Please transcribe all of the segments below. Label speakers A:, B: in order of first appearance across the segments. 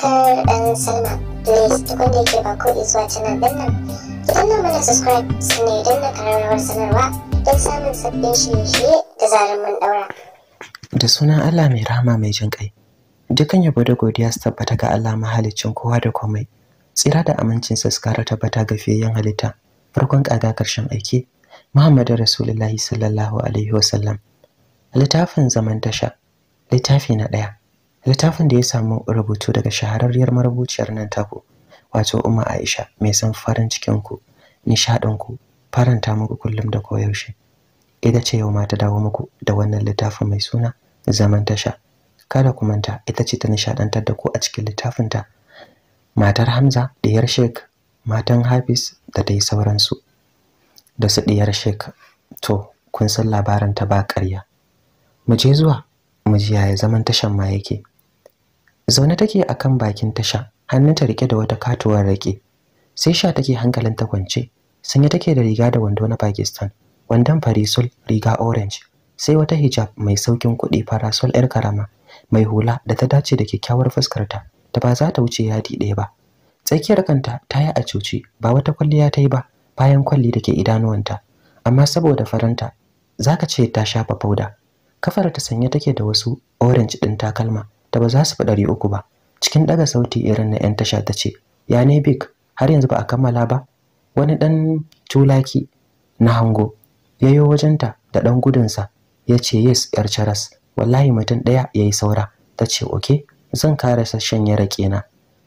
A: subscribe and sign up. Please tukun da yake ba ko zuwa canal nan. Ki danna mana subscribe sannan idan na kararrawar sanarwa don samun sabbin shirye-shirye da zarar mun daura. Da sunan Allah mai rahama mai jin kai. dukkan yabo da godiya su tabbata ga Allah mahaliccin kowa da komai. Tsira da amincinsa su kara tabbata ga fiyayyen halitta. Farkon kaga karshen aiki Muhammadu Rasulullahi sallallahu Alaihi wasallam. Littafin zaman tasha, littafi na ɗaya. littafin da ya samu rubutu daga shahararriyar marubuciyar nan taku wato umma aisha mai san farin cikinku, nishaɗinku, faranta muku kullum da koyaushe ita ce yau ma ta dawo muku da wannan littafin mai suna zaman tasha kada ku manta ita ce ta nishaɗantar da ku a cikin littafinta matar hamza diyar shek matan hafiz da dai sauransu da su ɗiyar shek to kun san labaran ta ba ƙarya mu je zuwa mu ji yaya zaman tashan ma yake zaune take a kan bakin tasha hannunta rike da wata katuwar rake sai sha take hankalin ta kwance sanye take da riga da wando na Pakistan wandon farisul riga orange sai wata hijab mai saukin kuɗi farasol yar karama mai hula da ta dace da kyakkyawar fuskarta da ba za ta wuce yadi ɗaya ba tsakiyar kanta ta yi a cuci ba wata kwalliya ta yi ba bayan kwalli da ke idanuwanta amma saboda faranta za ka ce ta shafa fauda kafar ta sanye take da wasu orange ɗin takalma da ba za su fi ɗari uku ba cikin ɗaga sauti irin na 'yan tasha ta ce ya ne big har yanzu ba a kammala ba wani ɗan tulaki na hango ya yi wajenta da ɗan gudunsa ya ce yes yar charas. wallahi mutum ɗaya ya yi saura ta ce oke zan kare sashen ya rake na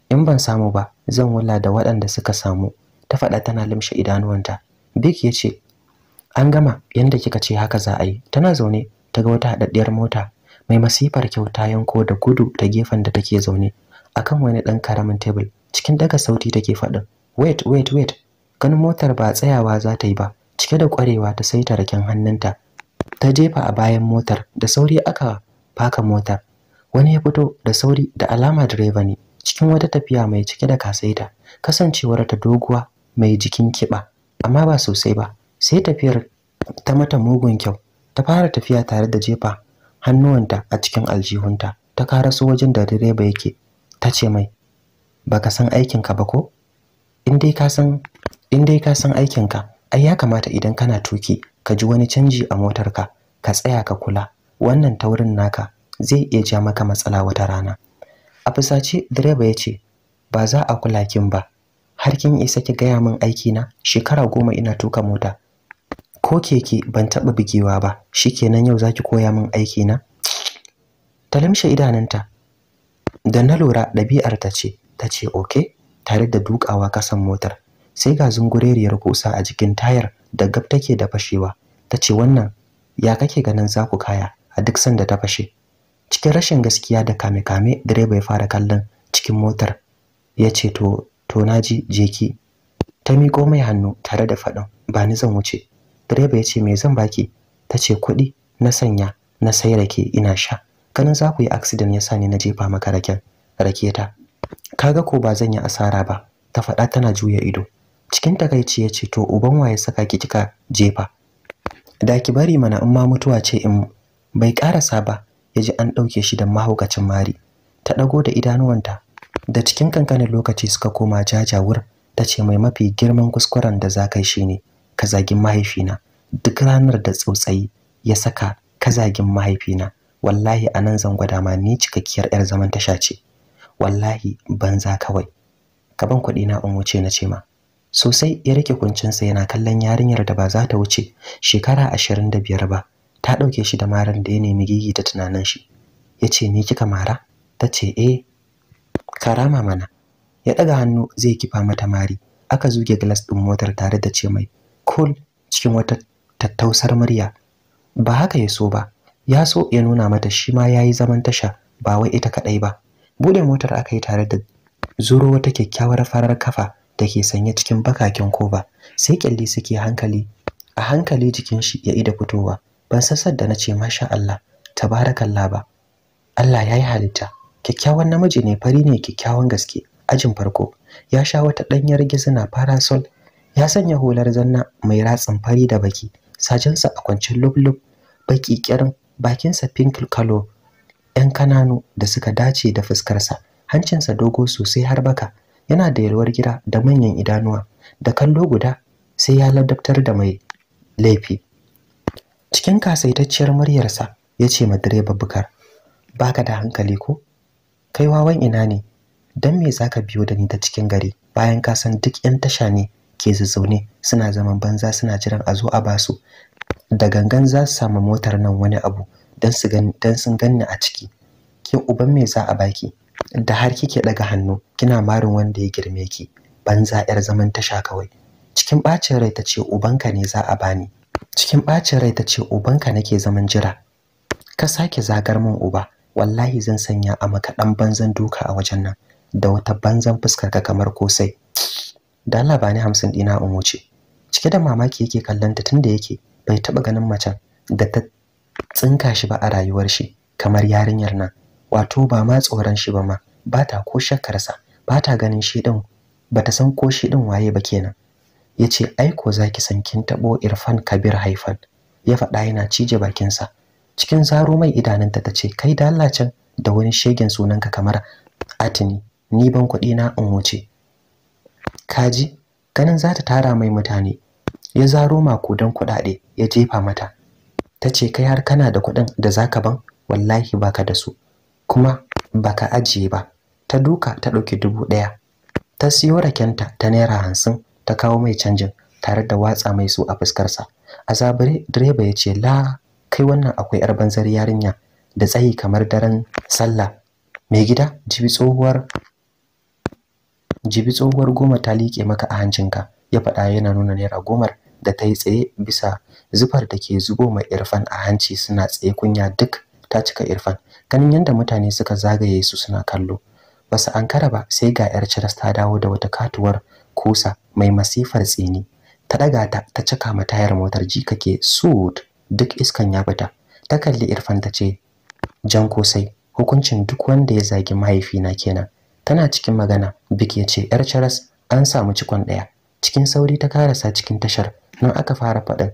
A: in ban samu ba zan wula da waɗanda suka samu ta faɗa tana limshe idanuwanta big ya ce an gama yadda kika ce haka za a yi tana zaune ta ga wata haɗaɗɗiyar mota mai masifar kyauta, yanko da gudu ta gefen da take zaune akan wani ɗan karamin tebul cikin daga sauti take faɗin wait wait wait ganin motar ba tsayawa za ta yi ba cike da ƙwarewa ta saita raken hannunta ta jefa a bayan motar da sauri aka faka motar wani ya fito da sauri da alama direba ne cikin wata tafiya mai cike da kasaita kasancewar ta doguwa mai jikin kiba amma ba sosai ba sai tafiyar ta mata mugun kyau ta fara tafiya tare da jefa hannuwanta a cikin aljihunta ta rasu wajen da direba yake ta ce mai baka san aikinka ba ko in dai ka san aikinka ai ya kamata idan kana tuki ka ji wani canji a motarka ka tsaya ka kula wannan taurin naka zai iya ja maka matsala wata rana a fusace direba ya ce ba za a kula kin ba har kin isa ki gaya min aiki na shekara goma ina tuka mota ko keke ban taɓa bugewa ba shikenan yau zaki koya min aiki na ta lamshe idananta da na lura ɗabi'ar ta ce ta ce oke tare da dukawa kasan motar sai ga zungureriyar kusa a jikin tayar da gab take da fashewa ta ce wannan ya kake ganin za ku kaya a duk sanda ta fashe cikin rashin gaskiya da kame-kame direba ya fara kallon cikin motar ya ce to to naji jeki ta miƙo mai hannu tare da faɗin ba ni zan wuce direba ya ce me zan baki ta ce kuɗi na sanya na sai rake ina sha ganin za ku yi accident ya sa ni na jefa maka raken rake ta kaga ko ba zan yi asara ba ta faɗa tana juya ido cikin takaici ya ce to uban ya saka ki kika jefa da ki bari mana in ma mutuwa ce in bai karasa ba ya ji an ɗauke shi da mahaukacin mari ta ɗago da idanuwanta da cikin kankanin lokaci suka koma jajawur ta ce mai mafi girman kuskuren da za kai shi ne ka zagin mahaifina duk ranar da tsautsayi ya saka ka zagin mahaifina wallahi anan zan gwada ma ni cikakkiyar yar zaman tasha ce wallahi banza kawai kaban kuɗi na in wuce na ce ma sosai ya rike kuncinsa yana kallon yarinyar da ba za ta wuce shekara ashirin da biyar ba ta ɗauke shi da maran da ya nemi gigi ta tunanin shi ya ce ni kika mara ta ce eh karama mana ya ɗaga hannu zai kifa mata mari aka zuge glas ɗin motar tare da ce mai kul cikin wata tattausar murya ba haka ya so ba ya so ya nuna mata shi ma ya yi zaman tasha ba wai ita kadai ba buɗe motar aka yi tare da zuro wata kyakkyawar farar kafa da ke sanye cikin bakakin koba sai kyalli suke hankali a hankali jikin shi ya ida fitowa ban sassar da na ce masha Allah tabarakallah ba Allah ya yi halitta kyakkyawan namiji ne fari ne kyakkyawan gaske ajin farko ya sha wata ɗanyar gizina parasol ya sanya hular zanna mai ratsin fari da baki sajensa a kwancin lublub baki kirin bakinsa pink color yan kananu da suka dace da fuskarsa hancinsa dogo sosai har baka yana da yalwar gida da manyan idanuwa da kallo guda sai ya ladabtar da mai laifi cikin kasaitacciyar muryarsa ya ce ma direba bukar ka da hankali ko kai wawan ina ne don me ka biyo da ni ta cikin gari bayan ka san duk yan tasha ne ke zazzaune suna zaman banza suna jiran a zo a basu da gangan za su samu motar nan wani abu don sun ganni a ciki ke uban me za a baki da har kike daga hannu kina marin wanda ya girme ki banza yar zaman tasha kawai cikin bacin rai tace ubanka ne za a bani cikin bacin rai tace ubanka nake zaman jira ka sake zagar min uba wallahi zan sanya a maka dan banzan duka a wajen nan da wata banzan fuskar ka kamar kosai da Allah ba hamsin ɗina in wuce cike da mamaki yake kallon tunda yake bai taba ganin macen da ta tsinka shi ba a rayuwar shi kamar yarinyar nan wato ba ma tsoron shi ba ma ba ta ko shakarsa, ba ta ganin shi ɗin ba ta san ko shi ɗin waye ba kenan ya ce ai ko za ki san kin taɓo irfan kabir haifan ya faɗa yana cije bakinsa cikin zaro mai idanunta ta ce kai da Allah can da wani shegen sunanka kamar atini ni ban kuɗi na in wuce kaji ganin za ta tara mai mutane ya zaro don kuɗaɗe ya jefa mata ta ce kai har kana da kuɗin da za ka ban wallahi baka da su kuma baka ajiye ba ta duka ta ɗauki dubu ɗaya ta siyo rakenta ta naira hamsin ta kawo mai canjin tare da watsa mai su a fuskarsa a zabare direba ya ce la kai wannan akwai yar banzar yarinya da tsayi kamar daren sallah mai gida jibi tsohuwar jibi tsohuwar goma ta liƙe maka a hancinka ya faɗa yana nuna naira gomar da ta yi tsaye bisa zufar da ke zubo mai irfan a hanci suna tsaye kunya duk ta cika irfan ganin yadda mutane suka zagaye su suna kallo ba su ankara ba sai ga yar ciras ta dawo da wata katuwar kusa mai masifar tsini ta ɗaga ta ta cika ma tayar motar jikake kake suit duk iskan ya fita ta kalli irfan ta ce jan kosai hukuncin duk wanda ya zagi mahaifina kenan tana cikin magana bik ce yar charas an samu cikon ɗaya cikin sauri ta karasa cikin tashar nan aka fara faɗin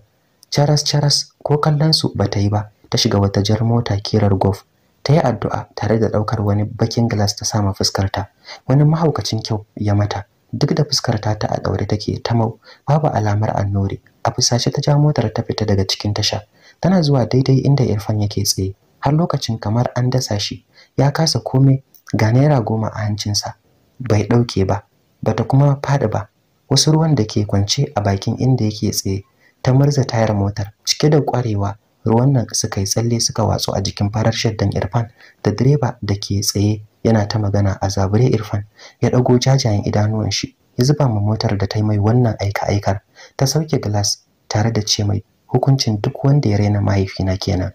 A: charas charas ko kallon su bata yi ba ta shiga wata jar mota kirar golf ta yi addu'a tare da ɗaukar wani bakin glass ta sama fuskarta wani mahaukacin kyau ya mata duk da fuskar ta ta a daure take ta mau babu alamar annori a fusashe ta ja motar ta fita daga cikin tasha tana zuwa daidai inda Irfan yake tsaye har lokacin kamar an dasa shi ya kasa komai ga naira goma a hancinsa bai ɗauke ba bata kuma faɗi ba wasu ruwan da ke kwance a bakin inda yake tsaye ta murza tayar motar cike da ƙwarewa ruwan nan suka yi tsalle suka watsu a jikin farar shaddan Irfan da direba da ke tsaye yana ta magana a zabure Irfan ya dago jajayen idanuwan shi ya zuba ma motar da ta yi mai wannan aika aikar ta sauke glass tare da ce mai hukuncin duk wanda ya raina mahaifina kenan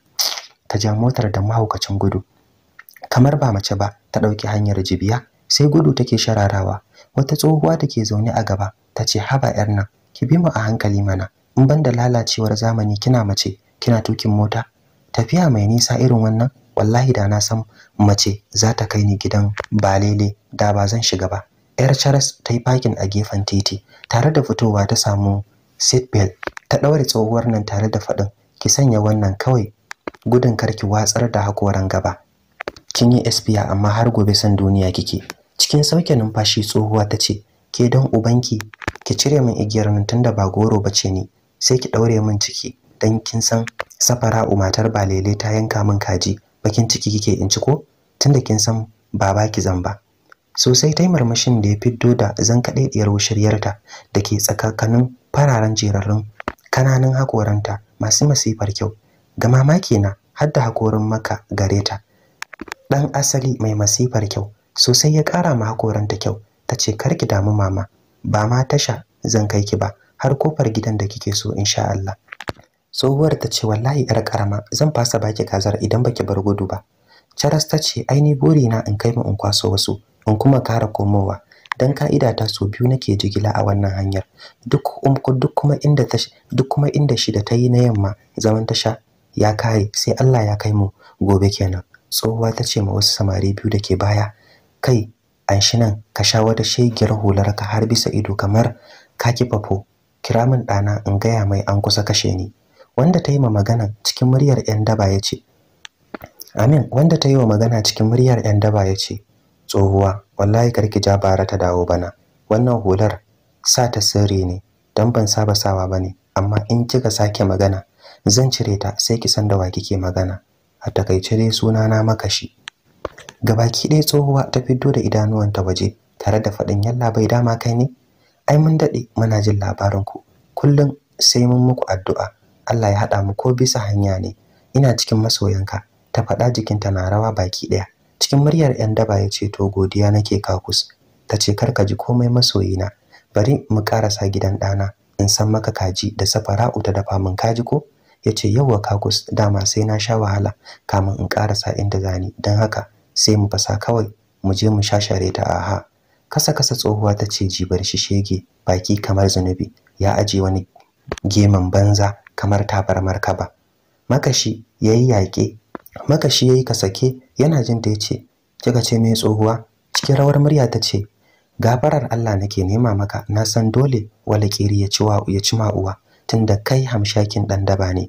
A: ta ja motar da mahaukacin gudu kamar ba mace ba ta ɗauki hanyar jibiya sai gudu take shararawa wata tsohuwa da ke zaune a gaba ta ce haba yar nan ki bi mu a hankali mana in banda lalacewar zamani kina mace kina tukin mota tafiya mai nisa irin wannan wallahi da na san mace za ta kai ni gidan balele da ba zan shiga ba yar charles ta yi fakin a gefen titi tare da fitowa ta samu belt ta ɗaure tsohuwar nan tare da faɗin ki sanya wannan kawai gudun karki watsar da hakoran gaba kin yi espiya amma har gobe san duniya kike cikin sauke numfashi tsohuwa ta ce ke dan ubanki ki cire min igiyar nan tunda ba goro ba ce ni sai ki daure min ciki dan kin san safara umatar balele ta yanka min kaji bakin ciki kike in ci ko tunda kin san baba ki zamba sosai tai marmashin da ya fiddo da zan diyar wushiryarta da ke tsakakanin fararen jerarrun kananan hakoranta masu masifar kyau ga mamaki na har da hakorin maka gareta ɗan asali mai masifar kyau sosai ya kara ma hakoranta kyau ta ce kar ki damu mama ba ma tasha zan kai ki ba har kofar gidan da kike so insha Allah tsohuwar ta ce wallahi yar karama zan fasa baki kazar idan baki bar gudu ba Charas ta ce aini buri na in kai mu in kwaso wasu in kuma kara komowa dan ka'ida ta so biyu nake jigila a wannan hanyar duk um, duk kuma inda ta duk kuma inda shi da ta na yamma zaman tasha ya kare sai Allah ya kai mu gobe kenan tsohuwa ta ce ma wasu samari biyu da ke baya kai an shi nan ka sha wata shegiyar hular ka har bisa ido kamar ka ki fafo. kira min ɗana in gaya mai an kusa kashe ni wanda ta yi ma magana cikin muryar 'yan daba ya ce amin wanda ta yi wa magana cikin muryar 'yan daba ya ce tsohuwa wallahi karki ja bara ta dawo bana wannan hular sa ta sirri ne don ban saba sawa ba ne. amma in kika sake magana zan cire ta sai ki san da wa kike magana a takaice dai sunana makashi gabaki ɗaya tsohuwa ta fito da idanuwanta waje tare da faɗin yalla bai dama kai ne ai mun daɗe muna jin labarin ku kullum sai mun muku addu'a Allah ya haɗa mu ko bisa hanya ne ina cikin masoyanka ta faɗa jikinta na rawa baki ɗaya cikin muryar 'yan daba ya ce to godiya nake kakus ta ce ka ji komai masoyina bari mu karasa gidan ɗana in san maka kaji da safara'u ta dafa mun kaji ko ya ce yauwa kakus dama sai na sha wahala kamin in karasa inda zani don haka sai mu fasa kawai mu je mu sha shashare ta aha kasa kasa tsohuwa ta ce jibar shi shege baki kamar zunubi ya aje wani geman banza kamar tabar markaba makashi yayi yaƙe makashi yayi kasake yana jin ta yace kika ce me tsohuwa cikin rawar murya ta ce gafarar Allah nake nema maka na san dole wala kiri ya ci wa ya tunda kai hamshakin dan daba ne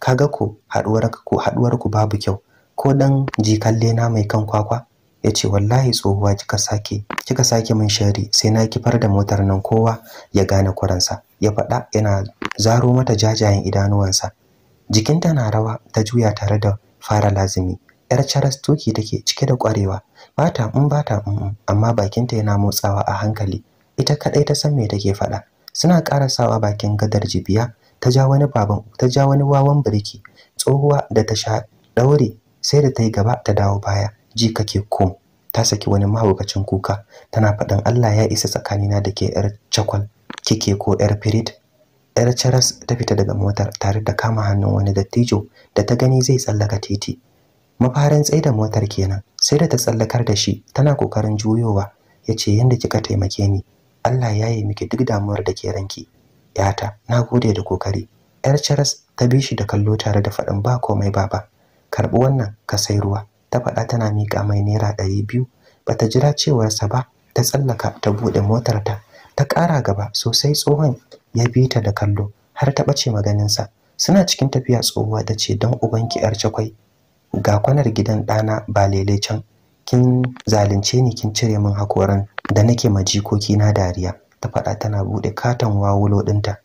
A: kaga ko haduwar ku haduwar ku babu kyau ko dan jikalle na mai kan kwakwa yace wallahi tsohuwa kika sake kika sake min shari sai na kifar da motar nan kowa ya gane kuransa ya faɗa yana zaro mata jajayen idanuwansa jikinta na rawa ta juya tare da fara lazimi yar charas toki take cike da kwarewa bata in mm, bata mm, mm, amma bakinta yana motsawa a hankali ita kadai ta san me take faɗa suna karasawa bakin gadar jibiya ta ja wani ta ja wani wawan birki tsohuwa da ta sha daure sai da ta yi gaba ta dawo baya ji kake ko ta saki wani mahaukacin kuka tana faɗin Allah ya isa tsakanina da ke yar cakwal kike ko yar firit yar charas ta fita daga motar tare da kama hannun wani dattijo da ta gani zai tsallaka titi mafarin tsaye da motar kenan sai da ta tsallakar da shi tana kokarin juyowa ya ce yadda kika taimake ni Allah ya yi miki duk damuwar da ke ranki yata na gode da kokari yar charas ta bi shi da kallo tare da faɗin ba komai baba karɓi wannan ka sai ruwa ta faɗa tana miƙa mai naira ɗari biyu Ba ta jira cewarsa ba ta tsallaka ta buɗe motarta ta ƙara gaba sosai tsohon ya bi ta da kallo har ta ɓace maganinsa suna cikin tafiya tsohuwa ta ce don ki yar cakwai ga kwanar gidan ɗana ba lele can kin zalunce ni kin cire min hakoran da nake ma jikoki na dariya ta faɗa tana buɗe katon wawulo ɗinta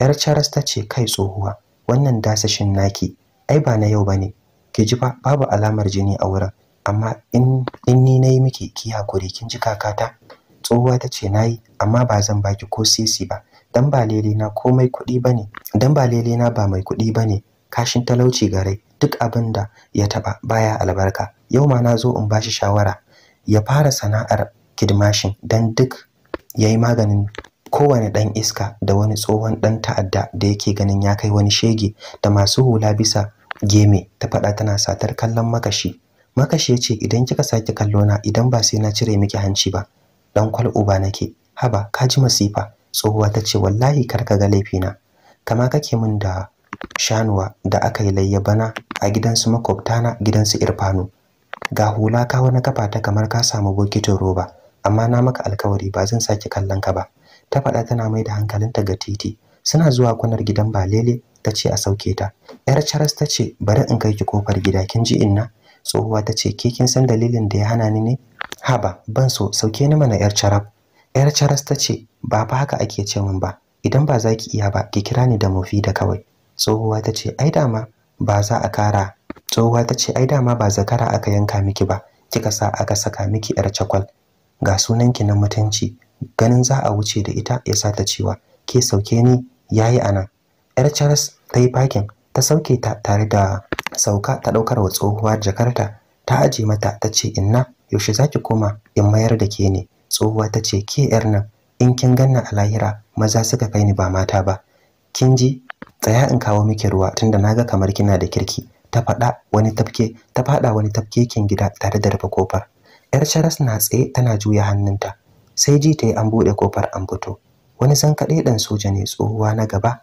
A: yar charas ta ce kai tsohuwa wannan dasashin naki ai ba na yau bane ki ji fa babu alamar jini a wurin amma in in ni nayi miki ki hakuri kin ji kakata tsohuwa ta ce nayi amma ba zan baki ko sisi ba dan ba lele na komai kuɗi bane dan ba lele na ba mai kuɗi bane kashin talauci gare duk abin da ya taɓa, baya albarka yau ma na zo in bashi shawara ya fara sana'ar kidmashin don duk ya yi maganin kowane ɗan iska da wani tsohon ɗan ta'adda da yake ganin ya kai wani shege da masu hula bisa geme ta faɗa tana satar kallon makashi makashi yace, idan kika sake kallo na idan ba sai na cire miki hanci ba dan kwal uba nake haba ka ji masifa tsohuwa ta ce wallahi kar ka ga laifina kama kake min da shanuwa da aka yi layya bana a gidansu makwabtana su Irfanu. ga hula ka wani kafa ta kamar ka samu bokitin roba amma na maka alkawari ba zan sake kallon ka ba ta faɗa tana mai da hankalinta ga titi suna zuwa kunar gidan ba, lele. ta ce a sauke ta yar charles ta ce bari in kai ki kofar gida kin ji inna tsohuwa ta ce ke kin san dalilin da ya hana ni ne haba ban so sauke ni mana yar charab yar charles ta ce ba fa haka ake ce min ba idan ba za ki iya ba ki kira ni da Mofi da kawai tsohuwa ta ce ai dama ba za a kara tsohuwa ta ce ai dama ba zakara aka yanka miki ba kika sa aka saka miki yar chakwal ga sunanki na mutunci ganin za a wuce da ita ya sa ta cewa ke sauke ni yayi anan yar charles ta yi fakin ta sauke ta tare da sauka ta daukar wa tsohuwar jakarta ta aje mata ta ce inna yaushe zaki koma in mayar da ke ne tsohuwa ta ce ke yar nan in kin ganna a lahira maza suka kai ni ba mata ba kin ji tsaya in kawo miki ruwa tunda na ga kamar kina da kirki ta faɗa wani tafke ta faɗa wani tafkekin gida tare da rufe kofar yar sharas na tsaye tana juya hannunta sai ji ta yi an buɗe kofar an fito wani san kaɗai ɗan soja ne tsohuwa na gaba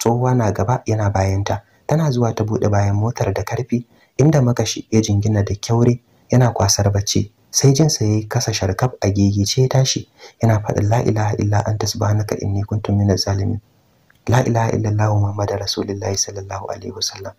A: tsohuwa na gaba yana bayanta tana zuwa ta buɗe bayan motar da karfi inda makashi ya jingina da kyaure yana kwasar bacci sai jinsa ya yi kasa sharkaf a gigice ya tashi yana faɗin la ilaha illa anta subhanaka inni kuntu minaz zalimin la ilaha illallah muhammadu rasulullahi sallallahu alaihi wasallam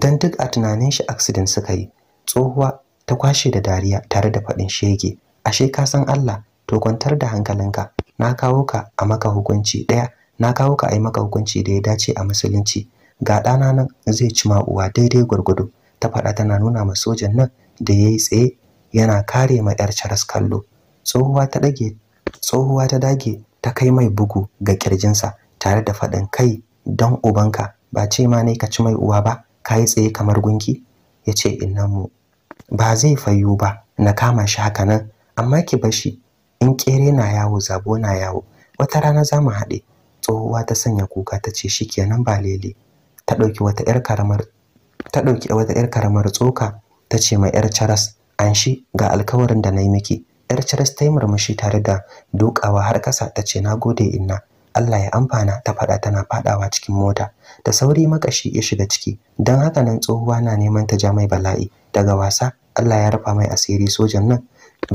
A: dan duk a tunanin shi accident suka yi tsohuwa ta kwashe da dariya tare da faɗin shege ashe ka san Allah to kwantar da hankalinka na kawo ka a maka hukunci ɗaya na kawo ka a yi maka hukunci da ya dace a musulunci ga ɗana nan zai ci ma'uwa daidai gwargwado ta faɗa tana nuna ma sojan nan da ya yi tsaye yana kare ma 'yar caras kallo tsohuwa ta dage tsohuwa ta dage ta kai mai bugu ga kirjinsa tare da faɗin kai don ubanka ba ce ma ne ka ci mai uwa ba ka yi tsaye kamar gunki ya ce inna mu ba zai fayu ba na kama shi haka nan amma ki bashi in kere na yawo zabo na yawo wata rana za mu haɗe tsohuwa ta sanya kuka ta ce shi kenan ba lele ta ɗauki wata 'yar karamar tsoka ta ce ma 'yar caras an shi ga alkawarin da na yi miki 'yar caras ta yi murmushi tare da dukawa har ƙasa ta ce na gode inna Allah ya amfana ta faɗa tana faɗawa cikin mota da sauri makashi ya shiga ciki don haka nan tsohuwa na neman ta ja mai bala'i daga wasa Allah ya rufa mai asiri sojan nan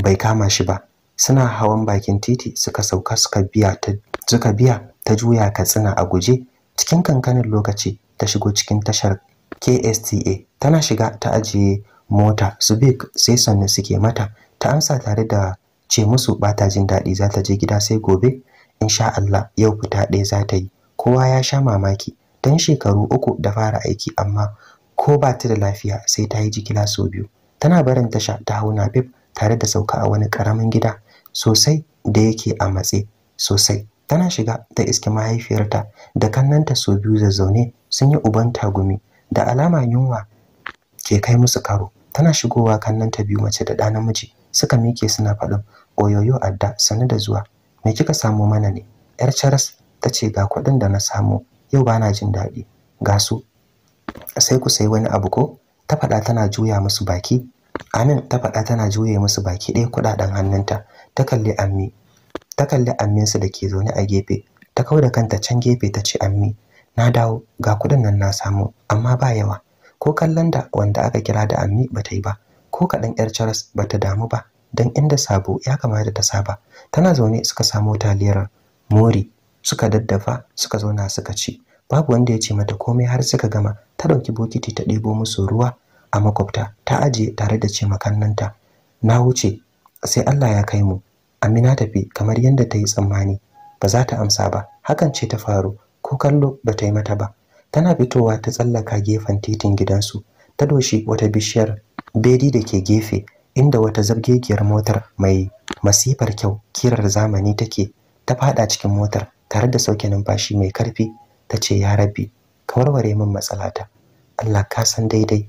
A: bai kama shi ba suna hawan bakin titi suka sauka suka biya ta suka biya ta juya katsina a guje cikin kankanin lokaci ta shigo cikin tashar KSTA tana shiga ta ajiye mota su big sai sanne suke mata ta amsa tare da ce musu bata jin daɗi za ta je gida sai gobe insha Allah yau fita ɗaya za ta yi kowa ya sha mamaki dan shekaru uku da fara aiki amma ko ba ta da lafiya sai ta yi jigila sau biyu tana barin tasha ta hau nabib tare da sauka a wani karamin gida sosai da yake a matse sosai tana shiga ta iske mahaifiyarta da kannanta sau biyu zazzaune sun yi uban tagumi da alama yunwa ke kai musu karo tana shigowa kannanta biyu mace da ɗa namiji suka mike suna faɗin oyoyo adda sanu da zuwa me kika samo mana ne yar charas ta ce ga kuɗin da na samu yau bana jin daɗi ga su sai ku sai wani abu ko ta faɗa tana juya musu baki amin ta faɗa tana juya musu baki ɗaya kuɗaɗen hannunta ta kalli ammi ta kalli amminsu da ke zaune a gefe ta kau kanta can gefe ta ce ammi na dawo ga kuɗin nan na samu amma ba yawa ko kallon da wanda aka kira da ammi ba ta yi ba ko kaɗan yar charles ba ta damu ba don inda sabo ya kamata ta saba tana zaune suka samo taliyar mori suka daddafa suka zauna suka ci babu wanda ya ce mata komai har suka gama ta ɗauki bokiti ta ɗebo musu ruwa a makwabta ta ajiye tare da ce makannanta na wuce sai Allah ya kai mu Amina tafi kamar yadda ta yi tsammani ba za ta amsa ba hakan ce ta faru ko kallo ba ta yi mata ba tana fitowa ta tsallaka gefen titin gidansu ta doshi wata bishiyar bedi da ke gefe inda wata zabgegiyar motar mai masifar kyau kirar zamani take ta fada cikin motar tare da sauke numfashi mai karfi ta ce ya rabbi ka warware min matsalata Allah ka san daidai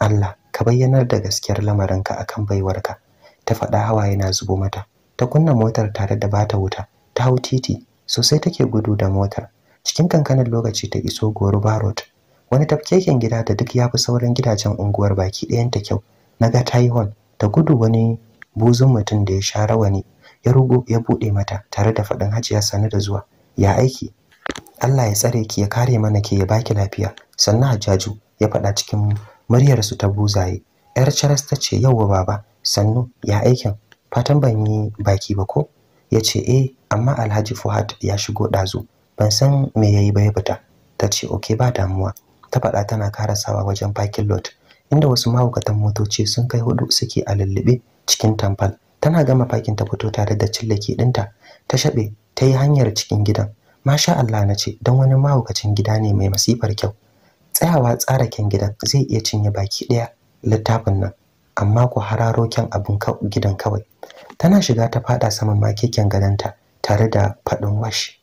A: Allah ka bayyanar da gaskiyar lamarinka akan baiwarka ta faɗa hawa yana zubo mata ta kunna motar tare da bata wuta ta hau titi sosai take gudu da motar cikin kankanin lokaci ta iso Goruba Road wani tafkeken gida da duk yafi sauran gidajen unguwar baki ɗayan ta kyau naga hon ta gudu wani buzun mutum da ya share rawani ya rugo ya bude mata tare da faɗin Hajiya sani da zuwa ya aiki Allah ya tsare ki ya kare mana ke ya baki lafiya sannan Hajjaju ya faɗa cikin muryar su ta buzaye yar charas ta ce yauwa baba sannu ya aikin fatan ban yi baki ba ko yace ce eh amma Alhaji Fuhad ya shigo ɗazu ban san me yayi ba ya fita ta ce okay ba damuwa ta faɗa tana karasawa wajen parking lot inda wasu mahaukatan motoci sun kai hudu suke a lullube cikin tamfal tana gama fakin ta fito tare da cillaki ɗinta ta shaɓe ta yi hanyar cikin gidan masha Allah na ce don wani mahaukacin gida ne mai masifar kyau tsayawa tsara kyan gidan zai iya cinye baki ɗaya littafin nan amma ku hararo kyan abin gidan kawai tana shiga ta faɗa saman makeken gadonta tare da faɗin wash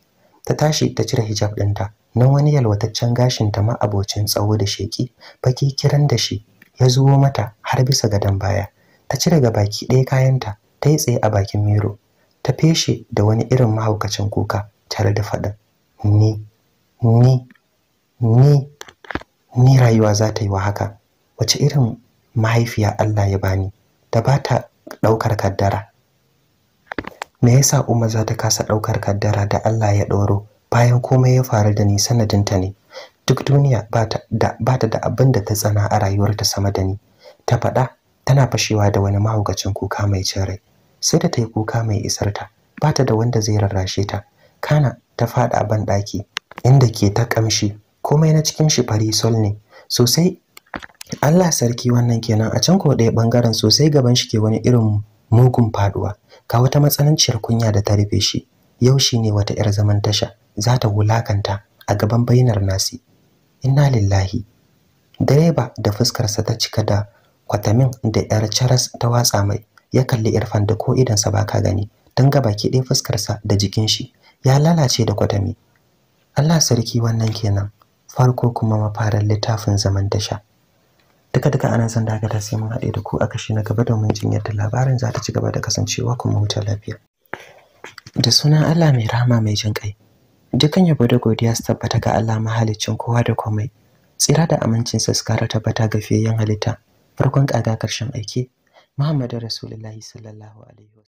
A: ta tashi ta cire hijab ɗinta nan wani yalwataccen gashin ta ma abocin tsawo da sheki baki kiran da shi ya zuwo mata har bisa gadon baya ta cire ga baki ɗaya kayanta ta yi tsaye a bakin miro ta feshe da wani irin mahaukacin kuka tare da faɗin ni ni ni ni rayuwa za ta yi wa haka wace irin mahaifiya Allah ya bani da ba ta ɗaukar kaddara me yasa Umma za ta kasa ɗaukar kaddara da Allah ya ɗoro bayan komai ya faru da ni sanadin ta ne duk duniya ba ta da abin da ta tsana a rayuwarta sama da ni ta faɗa tana fashewa da wani mahaukacin kuka mai cin sai da ta yi kuka mai isarta ba ta da wanda zai rarrashe ta kana ta fada ban daki inda ke ta kamshi komai na cikin shi fari sol ne sosai Allah sarki wannan kenan a can ko ɗaya bangaren sosai gaban shi ke wani irin mugun faduwa ka wata matsananciyar kunya da ta rufe shi yau shi ne wata 'yar zaman tasha za ta wulakanta a gaban bainar nasi inna lillahi direba da fuskarsa ta cika da kwatamin da 'yar charas ta watsa mai ya kalli irfan da ko idansa sa baka gani don gaba ɗaya fuskarsa da jikin shi ya lalace da kwatami Allah sarki wannan kenan farko kuma mafarar littafin zaman tasha duka duka ana san da gata sai mun haɗe da ku a kashi na gaba domin jin da labarin za ta ci gaba da kasancewa kuma huta lafiya da sunan Allah mai rahama mai jin kai dukan yabo da godiya su tabbata ga Allah mahaliccin kowa da komai tsira da amincinsa su kara tabbata ga fiyayyen halitta farkon kaga karshen aiki Muhammadu Rasulullahi sallallahu alaihi